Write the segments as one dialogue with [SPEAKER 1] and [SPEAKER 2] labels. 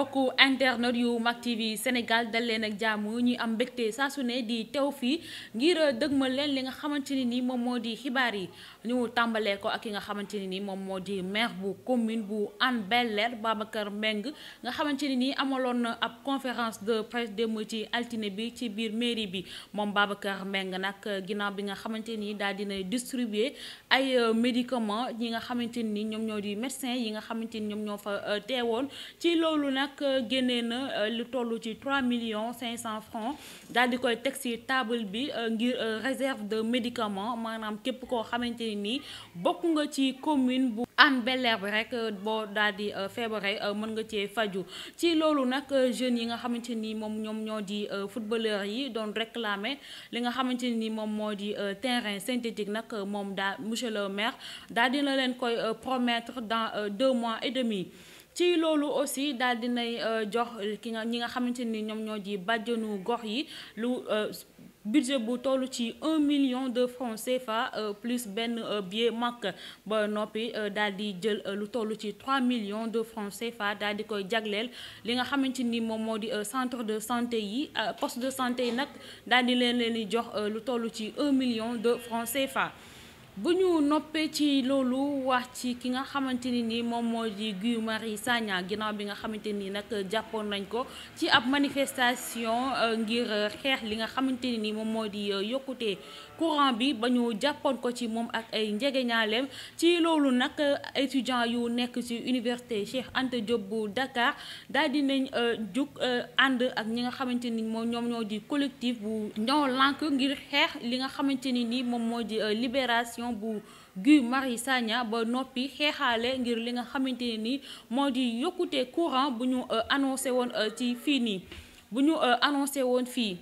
[SPEAKER 1] mbokku internet yu Mak TV Sénégal dal leen ak jàmm ñuy am mbégte saa su ne di teew fii ngir ma leen li nga xamante ne ni moom moo di xibaar yi ñu tàmbalee ko ak yi nga xamante ne ni moom moo di maire bu commune bu Hann Babacar Mbengue nga xamante ne ni amaloon na ab conférence de presse démb ci altine bi ci biir mairie bi moom Babacar Mbengue nag ginnaaw bi nga xamante ni daal dina distribuer ay euh, médicaments yi nga xamante ni ñoom ñoo di médecin yi nga xamante ni ñoom ñoo fa euh, teewoon ci loolu nag. nag génnee na euh, lu toll ci 3 millions 500 francs daal di koy teg ci table bi euh, ngir euh, réserve de médicament maanaam képp koo xamante ne nii bokk nga ci commune bu Hann bel bi rek bo daal di feebare mën nga cee faju ci loolu nag jeunes yi nga xamante ni moom ñoom ñoo di footballeur yi doon réclamer li nga xamante ni moom moo di terrain synthétique nag moom daa monsieur le maire daal dina leen koy promettre dans deux mois et demi ci loolu aussi daal dinay euh, jox ki nga ñi nga xamante ni ñoom ñoo ji bàjjanu gox yi lu euh, budget bu toll ci un million de francs fa euh, plus benn bier Makka ba noppi daal di jël lu toll ci trois millions de francs fa daal di koy jagleel li nga xamante ni moom moo di centre de santé yi poste de santé yi nag daal di leen leen di jox lu tollu ci un million de francs CFA. bu ñu noppee ci loolu wax ci ki nga xamante ni nii moom moo di Guy Marie Sagna ginnaaw bi nga xamante ni nag jàppoon nañ ko ci ab manifestation euh, ngir xeex li nga xamante ni nii moom moo di euh, yokkute courant bi ba ñu jàppoon ko ci moom ak ay njegeñaaleem ci loolu nag euh, étudiant yu nekk ci université Cheikh Anta Diop bu Dakar daal di nañ jug ànd ak ñi nga xamante ni moom ñoom ñoo di collectif bu ñoo lànk ngir xeex li nga xamante ni nii moom moo di libération. coalition bu Guy Marius Sagna ba noppi xeexaale ngir li nga xamante ne ni moo di yokkute courant bu ñu euh, annoncé woon euh, ci fii nii bu ñu euh, annoncé woon fii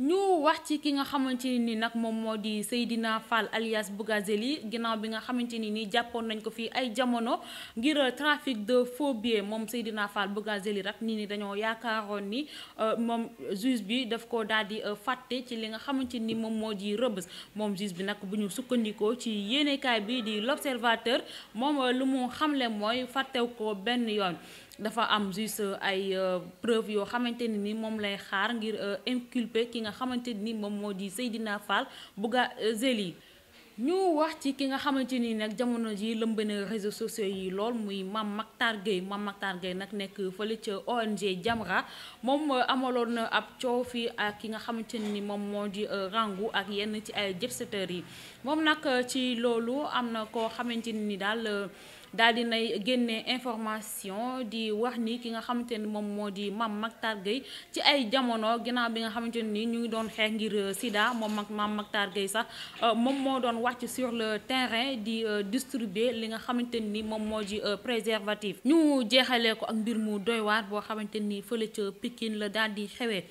[SPEAKER 1] ñu wax ci ki nga xamante nii nag moom moo di Seydina Fall alias Bougazelli ginnaaw bi nga xamante ni nii jàppoon nañ ko fii ay jamono ngir trafic de faux billets moom Seydina Fall Bougazelli rek nii ni dañoo yaakaaroon ni euh, moom juge bi daf ko daal di euh, fàtte ci li nga xamante ni moom moo di rëbës moom juge bi nag bu ñu sukkandikoo ci yéenekaay bi di l'observateur moom euh, lu mu xamle mooy fàttew ko benn yoon dafa am juste ay euh, preuve yoo xamante ne ni moom lay xaar ngir euh, inculper ki nga xamante ni moom moo di Seydina Fall yi euh, ñu wax ci ki nga xamante ni nag jamono ji lëmb na réseaux sociaux yi lool muy Mame Mactar Gueye Mame Mactar Gueye nag nekk fële ca ONG Jamra moom amaloon na ab coow fii ak ki nga xamante ni moom moo di rangu ak yenn ci ay jet setteurs yi moom nag ci loolu am na koo xamante ni daal daal di nay génne information di wax ni ki nga xamante ni moom moo di Mame mag Gueye ci ay jamono ginnaaw bi nga xamante ni ñu ngi doon xeex ngir euh, Sida moom ak Mame Mactar Gueye sax euh, moom moo doon wàcc sur le terrain di euh, distribuer li nga xamante ni moom moo di préservative ñu jeexale ko ak mbir mu doy waar boo xamante ni fële ca pikin la daal di xewee.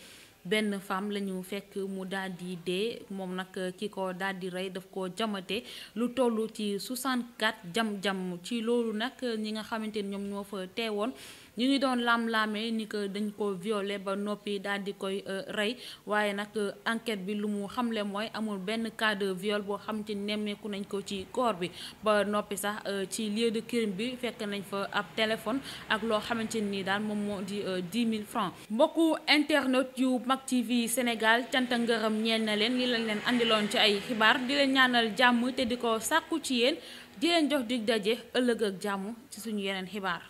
[SPEAKER 1] benn femme la ñu fekk mu daal di dee moom nag euh, ki ko daal di rey daf ko jamate lu toll ci 64 jam-jam ci loolu nag ñi nga xamante ni ñoom ñoo fa teewoon ñu ngi doon laam-laamee ni que dañ ko violé ba noppi daal di koy euh, rey waaye nag euh, enquête bi lu mu xamle mooy amul benn cas de boo xamante ni nemmeeku nañ ko ci koor bi ba noppi sax ci lieu de crime bi fekk nañ fa ab téléphone ak loo xamante ni daal moom moo di 10 000 francs mbokku internet Mak TV Sénégal cant ak ngërëm ñeel na leen li lañ leen andiloon ci ay xibaar di leen ñaanal jàmm te di ko sàkku ci yéen di leen jox di daje ëllëg ak jàmm ci suñu yeneen xibaar.